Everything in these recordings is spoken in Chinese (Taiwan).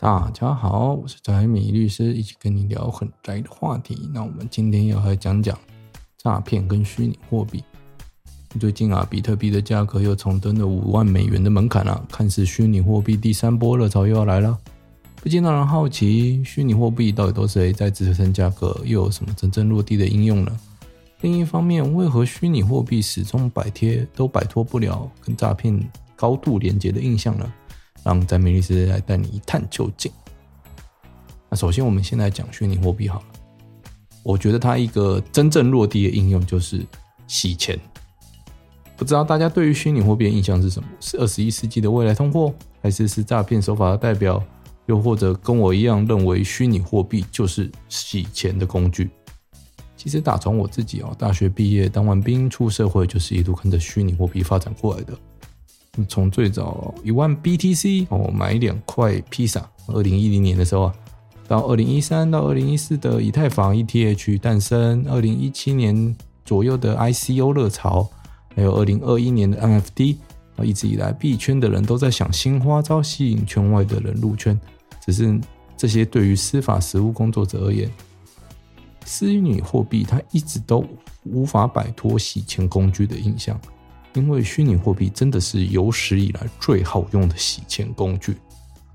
大家好，我是宅米律師，一起跟你聊很宅的話題。那我們今天要來講講詐騙跟虛擬貨幣。最近啊，比特幣的價格又重登了五萬美元的門檻啊，看似虛擬貨幣第三波熱潮又要來了，不禁讓人好奇，虛擬貨幣到底都是誰在支撐價格，又有什麼真正落地的應用呢？另一方面，為何虛擬貨幣始終擺貼都擺脫不了跟詐騙高度連接的印象呢？讓宅米律師來帶你一探究竟。那首先，我們先來講虛擬貨幣好了。我覺得它一個真正落地的應用就是洗錢。不知道大家對於虛擬貨幣的印象是什麼？是二十一世紀的未來通貨，還是是詐騙手法的代表？又或者跟我一樣認為虛擬貨幣就是洗錢的工具？其實，打從我自己哦，大學畢業、當完兵、出社會，就是一路跟着虛擬貨幣發展過來的。從最早一萬 BTC 哦買兩塊披薩，二零一零年的時候啊，到二零一三到二零一四的以太坊 ETH 誕生，二零一七年左右的 ICO 熱潮，還有二零二一年的 NFT 啊，一直以來幣圈的人都在想新花招吸引圈外的人入圈，只是這些對於司法實務工作者而言，虛擬貨幣它一直都無法擺脫洗錢工具的印象。因為虛擬貨幣真的是有史以來最好用的洗錢工具，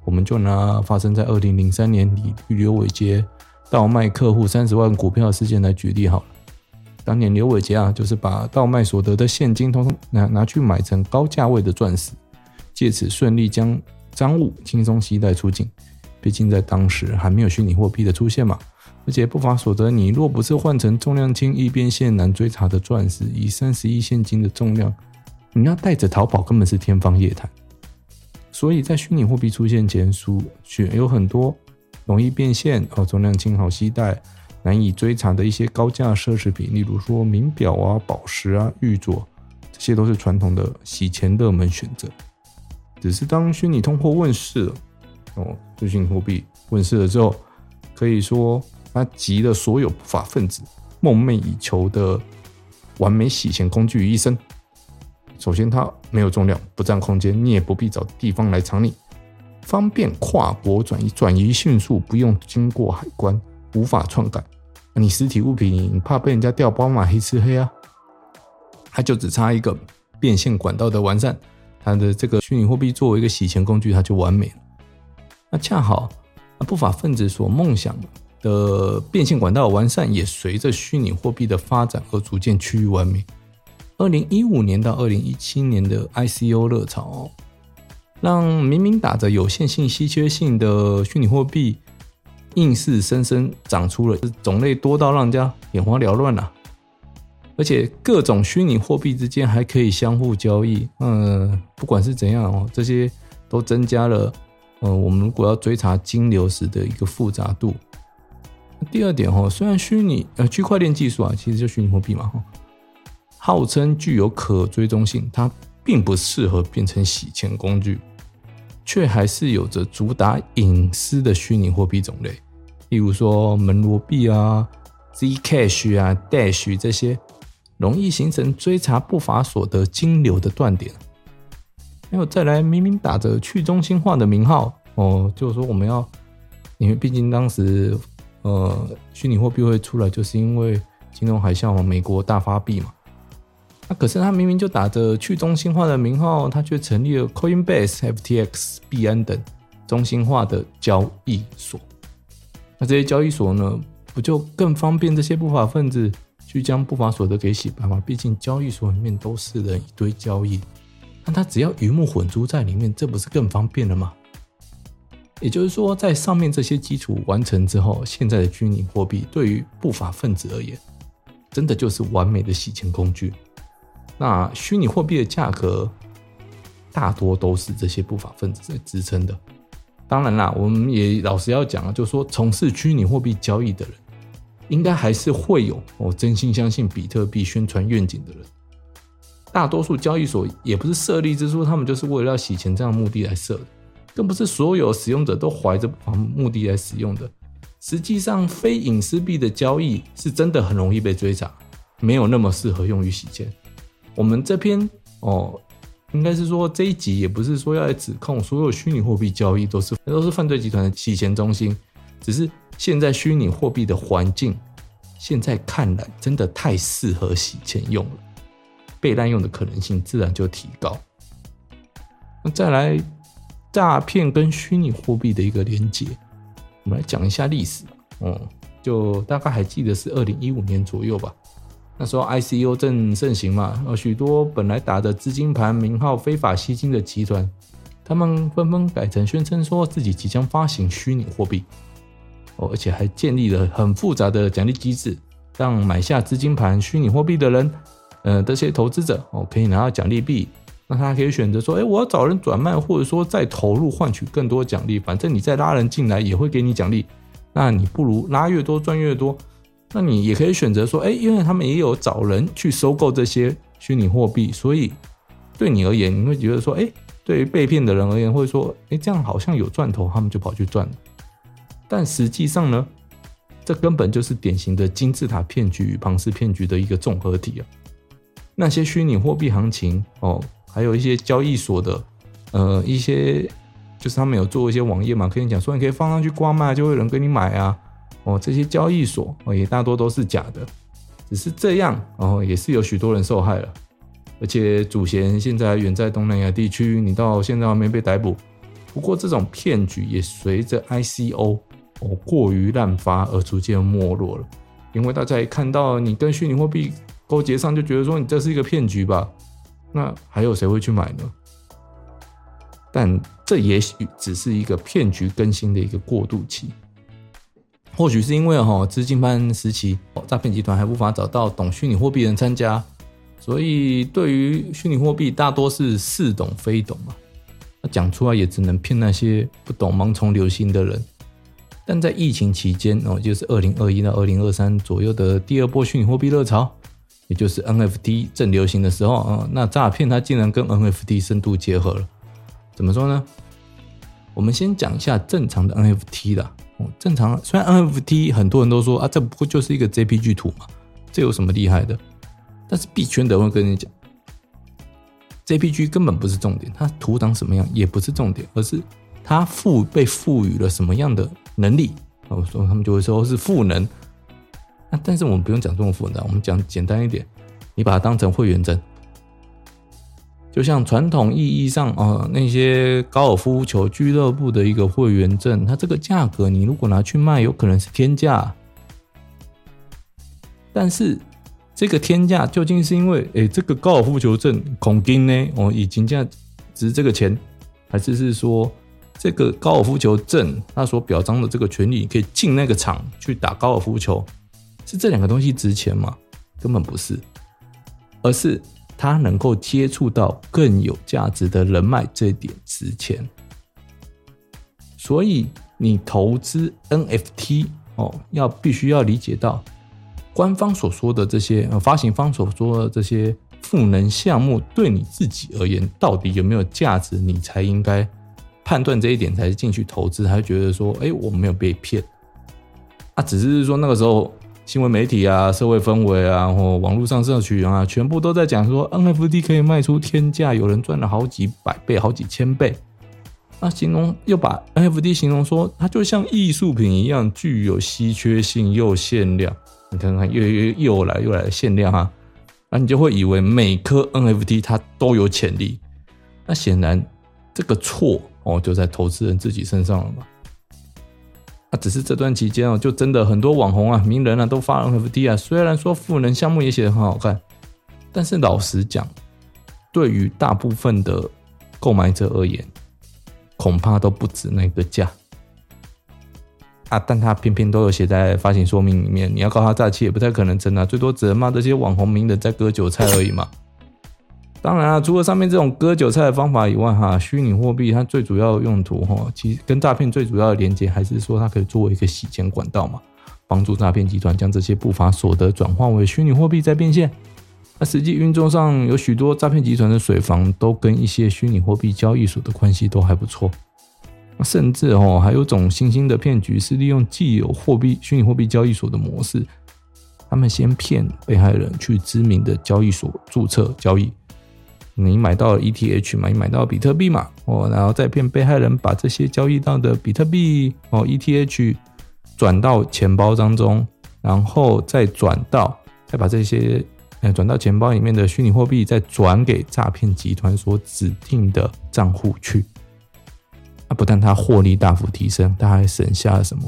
我們就拿發生在二零零三年底劉偉杰盜賣客戶三十萬股票事件來舉例好了。當年劉偉杰啊，就是把盜賣所得的現金，通通拿拿去買成高價位的鑽石，借此順利將贓物輕鬆攜帶出境。畢竟在當時還沒有虛擬貨幣的出現嘛，而且不法所得你若不是換成重量輕、易變現、難追查的鑽石，以三十億現金的重量，你要帶着淘寶根本是天方夜譚。所以在虛擬貨幣出現前，書選有很多容易變現、哦，重量輕、好攜帶、難以追查的一些高價奢侈品，例如說名表啊、寶石啊、玉鐲，這些都是傳統的洗錢熱門選擇。只是當虛擬通貨問世，哦，虛擬貨幣問世了之後，可以說它集了所有不法分子夢寐以求的完美洗錢工具於一身。首先，它沒有重量，不占空間，你也不必找地方來藏匿，方便跨國轉移，轉移迅速，不用經過海關，無法篡改。你實體物品，你怕被人家掉包嘛？黑吃黑啊！它就只差一個變現管道的完善，它的這個虛擬貨幣作為一個洗錢工具，它就完美了。那恰好，那不法分子所夢想的變現管道完善，也隨着虛擬貨幣的發展而逐漸趨於完美。二零一五年到二零一七年的 ICO 熱潮、哦，讓明明打着有限性、稀缺性的虛擬貨幣，硬是生生長出了種類多到讓人家眼花繚亂了、啊。而且各種虛擬貨幣之間還可以相互交易。嗯，不管是怎樣哦，這些都增加了嗯、呃，我們如果要追查金流時的一個複雜度。第二點哦，雖然虛擬呃區塊鏈技術啊，其實就虛擬貨幣嘛哈。號稱具有可追蹤性，它並不適合變成洗錢工具，卻還是有着主打隱私的虛擬貨幣種類，例如說門羅幣啊、Zcash 啊、Dash 這些，容易形成追查不法所得金流的斷點。還有再來，明明打着去中心化的名號哦，就是說我們要，因為畢竟當時呃，虛擬貨幣會出來，就是因為金融海嘯嘛，美國大發幣嘛。可是他明明就打着去中心化的名號，他卻成立了 Coinbase、FTX、幣安等中心化的交易所。那這些交易所呢，不就更方便這些不法分子去將不法所得給洗白嗎？畢竟交易所裡面都是人，一堆交易，那他只要魚目混珠在裡面，這不是更方便了嗎？也就是說，在上面這些基礎完成之後，現在的虛擬貨幣對於不法分子而言，真的就是完美的洗錢工具。那虛擬貨幣的價格大多都是這些不法分子在支撐的。當然啦，我們也老實要講、啊、就就說從事虛擬貨幣交易的人，應該還是會有我真心相信比特幣宣傳願景的人。大多數交易所也不是設立之初他們就是為了要洗錢這樣的目的來設的，更不是所有使用者都懷着不法目的來使用的。實際上，非隱私幣的交易是真的很容易被追查，沒有那麼適合用於洗錢。我們這篇哦，應該是說這一集也不是說要來指控所有虛擬貨幣交易都是都是犯罪集團的洗錢中心，只是現在虛擬貨幣的環境，現在看來真的太適合洗錢用了，被濫用的可能性自然就提高。那再來詐騙跟虛擬貨幣的一個連結，我們來講一下歷史。嗯、哦，就大概還記得是二零一五年左右吧。那時候 ICO 正盛行嘛，有許多本來打着資金盤名號非法吸金的集團，他們紛紛改成宣稱說自己即將發行虛擬貨幣，哦，而且還建立了很複雜的獎勵機制，讓買下資金盤虛擬貨幣的人，呃，這些投資者哦可以拿到獎勵幣，那他可以選擇說，哎，我要找人轉賣，或者說再投入換取更多獎勵，反正你再拉人進來也會給你獎勵，那你不如拉越多賺越多。那你也可以選擇說，哎、欸，因為他們也有找人去收購這些虛擬貨幣，所以對你而言，你會覺得說，哎、欸，對於被騙的人而言，會說，哎、欸，這樣好像有賺頭，他們就跑去賺了。但實際上呢，這根本就是典型的金字塔騙局與龐氏騙局的一個綜合體啊。那些虛擬貨幣行情哦，還有一些交易所的，呃，一些就是他們有做一些網頁嘛，可以講說，你可以放上去掛賣，就會有人給你買啊。哦，這些交易所哦也大多都是假的，只是這樣，然後，哦也是有許多人受害了。而且主嫌現在遠在東南亞地區，你到現在還沒被逮捕。不過這種騙局也隨着 ICO 哦過於濫發而逐漸沒落了，因為大家一看到你跟虛擬貨幣勾結上，就覺得說你這是一個騙局吧？那還有誰會去買呢？但這也許只是一個騙局更新的一個過渡期。或許是因為哈資金盤時期，詐騙集團還無法找到懂虛擬貨幣的人參加，所以對於虛擬貨幣大多是似懂非懂嘛。那講出來也只能騙那些不懂盲從流行的人。但在疫情期間哦，就是二零二一到二零二三左右的第二波虛擬貨幣熱潮，也就是 NFT 正流行的時候啊，那詐騙它竟然跟 NFT 深度結合了。怎麼說呢？我們先講一下正常的 NFT 啦。哦，正常。雖然 NFT 很多人都說啊，這不過就是一個 JPG 圖嘛，這有什麼厲害的？但是幣圈的會跟你講，JPG 根本不是重點，它圖長什麼樣也不是重點，而是它賦被賦予了什麼樣的能力。我說他們就會說是賦能。那、啊、但是我們不用講這麼複雜，我們講簡單一點，你把它當成會員證。就像傳統意義上哦、呃，那些高爾夫球俱樂部的一個會員證，它這個價格，你如果拿去賣，有可能是天價。但是，這個天價究竟是因為，哎、欸，這個高爾夫球證恐金呢？哦，已經價值這個錢，還是是說，這個高爾夫球證它所表彰的這個權利，可以進那個場去打高爾夫球，是這兩個東西值錢嗎？根本不是，而是。他能夠接觸到更有價值的人脈，這一點值錢。所以你投資 NFT 哦，要必須要理解到官方所說的這些，呃、發行方所說的這些賦能項目，對你自己而言到底有沒有價值，你才應該判斷這一點，才進去投資。他覺得說，誒、欸，我沒有被騙，他、啊、只是說那個時候。新聞媒體啊，社會氛圍啊，或網絡上社群啊，全部都在講說 NFT 可以賣出天價，有人賺了好幾百倍、好幾千倍。那形容又把 NFT 形容說它就像藝術品一樣，具有稀缺性又限量。你看看，又又又又來又來的限量啊，那你就會以為每顆 NFT 它都有潛力。那顯然這個錯哦就在投資人自己身上了吧？只是這段期間哦，就真的很多網紅啊、名人啊都發了 NFT 啊。雖然說賦能項目也寫得很好看，但是老實講，對於大部分的購買者而言，恐怕都不止那個價啊。但他偏偏都有寫在發行說明裡面，你要告他詐欺也不太可能真、啊，真的最多只能罵這些網紅名人在割韭菜而已嘛。當然了、啊，除了上面這種割韭菜的方法以外，哈，虛擬貨幣它最主要的用途、哦，哈，其實跟詐騙最主要的連接還是說，它可以作為一個洗錢管道嘛，幫助詐騙集團將這些不法所得轉化為虛擬貨幣再變現。那實際運作上有許多詐騙集團的水房都跟一些虛擬貨幣交易所的關係都還不錯。那甚至哦，還有種新興的騙局是利用既有貨幣虛擬貨幣交易所的模式，他們先騙被害人去知名的交易所註冊交易。你買到了 ETH 嘛？你買到了比特幣嘛？哦，然後再騙被害人把這些交易到的比特幣哦 ETH 轉到錢包當中，然後再轉到再把這些呃、轉到錢包裡面的虛擬貨幣再轉給詐騙集團所指定的賬戶去。啊，不但他獲利大幅提升，他還省下了什麼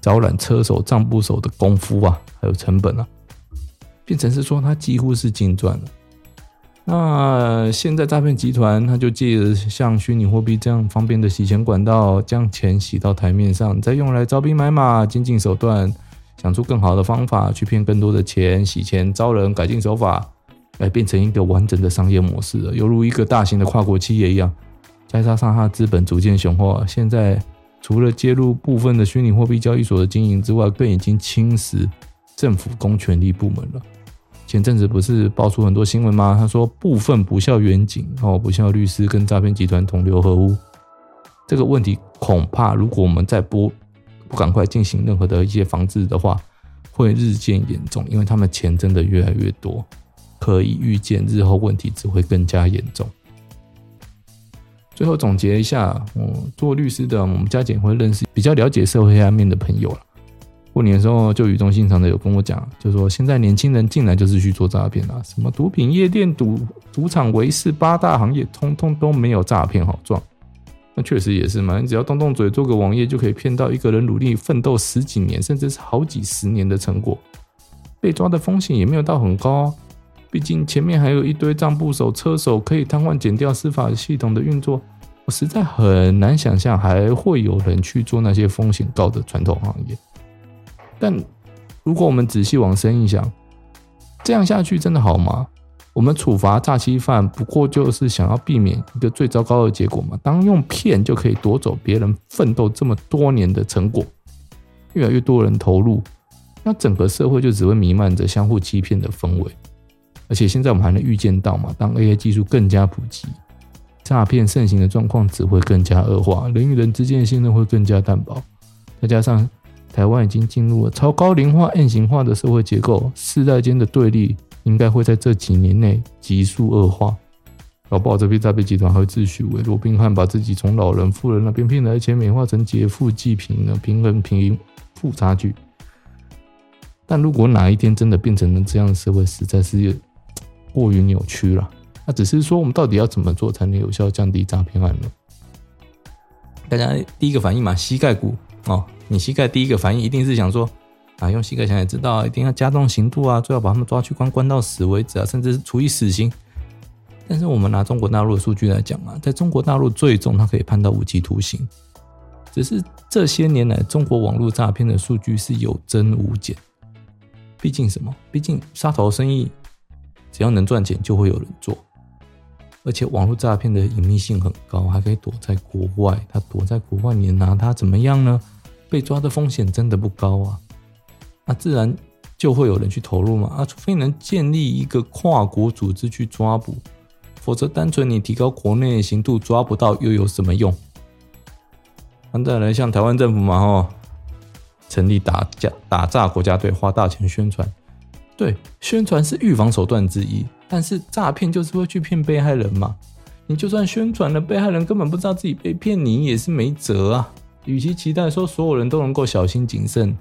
招攬車手、帳簿手的功夫啊，還有成本啊，變成是說他幾乎是淨賺了。那現在詐騙集團，他就借着像虛擬貨幣這樣方便的洗錢管道，將錢洗到台面上，再用來招兵買馬、精進手段，想出更好的方法去騙更多的錢、洗錢、招人、改進手法，來變成一個完整的商業模式了，猶如一個大型的跨國企業一樣。再加上他的資本逐漸雄厚，現在除了介入部分的虛擬貨幣交易所的經營之外，更已經侵蝕政府公權力部門了。前陣子不是爆出很多新聞嗎？他說，部分不肖員警哦，不肖律師跟詐騙集團同流合污，這個問題恐怕如果我們再不不不趕快進行任何的一些防治的話，會日漸嚴重，因為他們錢真的越來越多，可以預見日後問題只會更加嚴重。最後總結一下，我、嗯、做律師的，我們加減會認識比較了解社會黑暗面的朋友了。過年的時候就語重心長的有跟我講，就說現在年輕人進來就是去做詐騙啊，什麼毒品、夜店、賭賭場、圍事、八大行業，通通都沒有詐騙好賺。那確實也是嘛，你只要動動嘴做個網頁，就可以騙到一個人努力奮鬥十幾年，甚至是好幾十年的成果。被抓的風險也沒有到很高哦，畢竟前面還有一堆賬簿手、車手可以癱瘓、減掉司法系統的運作。我實在很難想象還會有人去做那些風險高的傳統行業。但如果我們仔細往深一想，這樣下去真的好嗎？我們處罰詐欺犯，不過就是想要避免一個最糟糕的結果嘛。當用騙就可以奪走別人奮鬥這麼多年的成果，越來越多人投入，那整個社會就只會瀰漫着相互欺騙的氛圍。而且現在我們還能預見到嘛，當 AI 技術更加普及，詐騙盛行的狀況只會更加惡化，人與人之間的信任會更加淡薄，再加上。台灣已經進入了超高齡化、M 型化的社會結構，世代間的對立應該會在這幾年內急速惡化。搞不好這批詐騙集團還會自詡為羅賓漢，把自己從老人、富人那邊騙來的錢，美化成劫富濟貧的平衡貧富差距。但如果哪一天真的變成了這樣的社會，實在是過於扭曲了。那只是說，我們到底要怎麼做才能有效降低詐騙案呢？大家第一個反應嘛，膝蓋骨哦。你膝蓋第一個反應一定是想說啊，用膝蓋想也知道，一定要加重刑度啊，最好把他們抓去關關到死為止啊，甚至是處以死刑。但是我們拿中國大陸的數據來講啊，在中國大陸最重他可以判到無期徒刑，只是這些年來中國網絡詐騙的數據是有增無減。畢竟什麼？畢竟殺頭生意只要能賺錢就會有人做，而且網絡詐騙的隱秘性很高，還可以躲在國外。他躲在國外，你拿他怎麼樣呢？被抓的風險真的不高啊，那、啊、自然就會有人去投入嘛。啊，除非能建立一個跨國組織去抓捕，否則單純你提高國內的刑度抓不到又有什麼用？那、啊、再來像台灣政府嘛，吼，成立打架打詐國家隊，花大錢宣傳。對，宣傳是預防手段之一，但是詐騙就是會去騙被害人嘛。你就算宣傳了，被害人根本不知道自己被騙你，你也是沒轍啊。與其期待說所有人都能夠小心謹慎，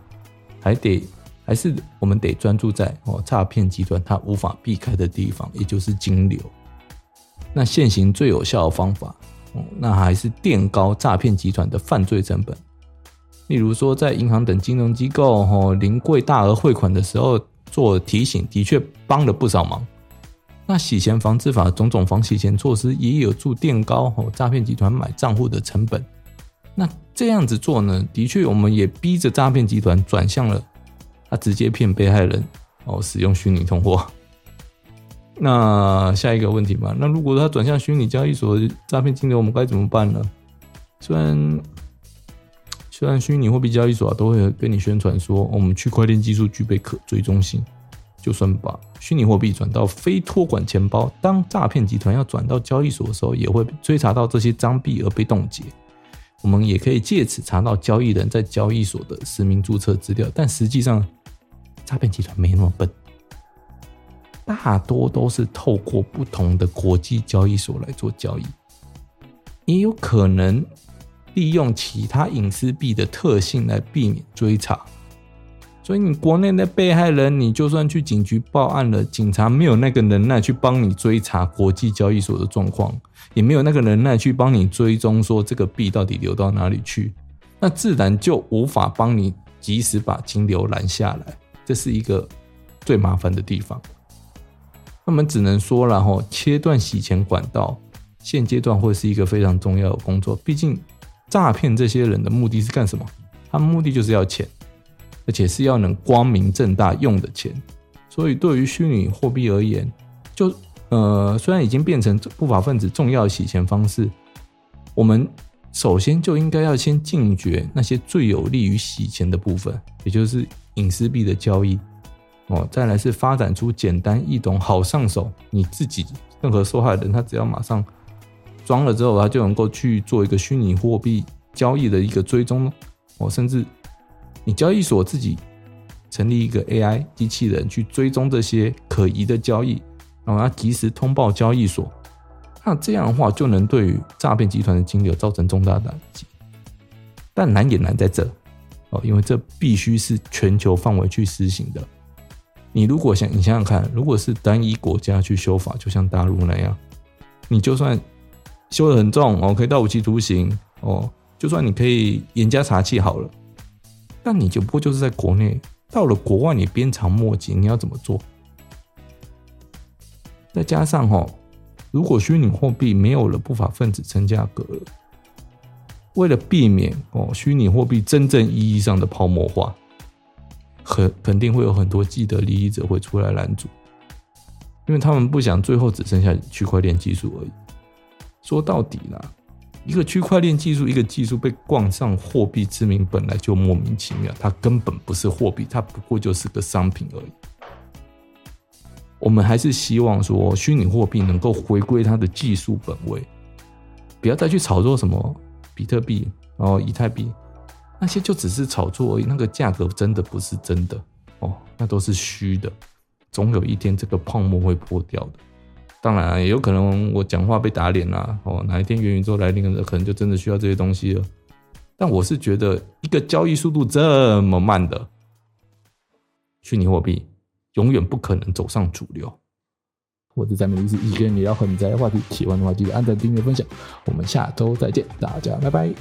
還得還是我們得專注在哦詐騙集團它無法避開的地方，也就是金流。那現行最有效的方法，哦，那還是墊高詐騙集團的犯罪成本。例如說，在銀行等金融機構哦，臨櫃大額匯款的時候做提醒，的確幫了不少忙。那洗錢防治法種種防洗錢措施，也有助墊高哦詐騙集團買賬戶的成本。那這樣子做呢，的確，我們也逼着詐騙集團轉向了，他直接騙被害人，然後哦，使用虛擬通貨。那下一個問題嘛，那如果他轉向虛擬交易所詐騙金額，我們該怎麼辦呢？雖然雖然虛擬貨幣交易所啊、都會跟你宣傳說，我們區塊鏈技術具備可追蹤性，就算把虛擬貨幣轉到非託管錢包，當詐騙集團要轉到交易所的時候，也會追查到這些髒幣而被凍結。我們也可以借此查到交易人在交易所的實名註冊資料，但實際上，詐騙集團沒那麼笨，大多都是透過不同的國際交易所來做交易，也有可能利用其他隱私幣的特性來避免追查。所以你國內的被害人，你就算去警局報案了，警察沒有那個能耐去幫你追查國際交易所的狀況，也沒有那個能耐去幫你追蹤說這個幣到底流到哪裡去，那自然就無法幫你及時把金流攔下來，這是一個最麻煩的地方。那我們只能說，然後切斷洗錢管道，現階段會是一個非常重要的工作。畢竟詐騙這些人的目的是幹什麼？他目的就是要錢。而且是要能光明正大用的錢，所以對於虛擬貨幣而言就，就呃雖然已經變成不法分子重要的洗錢方式，我們首先就應該要先禁絕那些最有利於洗錢的部分，也就是隱私幣的交易。哦，再來是發展出簡單易懂、好上手，你自己任何受害的人他只要馬上裝了之後，他就能夠去做一個虛擬貨幣交易的一個追蹤哦，甚至。你交易所自己成立一個 AI 機器人去追蹤這些可疑的交易，然後要及時通報交易所，那這樣的話就能對於詐騙集團的金流造成重大打擊。但難也難在這哦，因為這必須是全球範圍去實行的。你如果想你想想看，如果是單一國家去修法，就像大陸那樣，你就算修得很重哦，可以到無期徒刑哦，就算你可以嚴加查緝好了。但你就不過就是在國內，到了國外你鞭長莫及，你要怎麼做？再加上哈、哦，如果虛擬貨幣沒有了不法分子撐價格，為了避免哦虛擬貨幣真正意義上的泡沫化，很肯定會有很多既得利益者會出來攔阻，因為他們不想最後只剩下區塊鏈技術而已。說到底呢？一個區塊鏈技術，一個技術被冠上貨幣之名，本來就莫名其妙。它根本不是貨幣，它不過就是個商品而已。我們還是希望說，虛擬貨幣能夠回歸它的技術本位，不要再去炒作什麼比特幣，然後以太幣那些，就只是炒作而已。那個價格真的不是真的哦，那都是虛的。總有一天，這個泡沫會破掉的。當然、啊、也有可能我講話被打臉了、啊、哦，哪一天元宇宙來臨了，可能就真的需要這些東西了。但我是覺得，一個交易速度這麼慢的虛擬貨幣，永遠不可能走上主流。我是宅米律師，一個人也要和你聊話題。喜歡的話，記得按讚、訂閱、分享。我們下周再見，大家拜拜。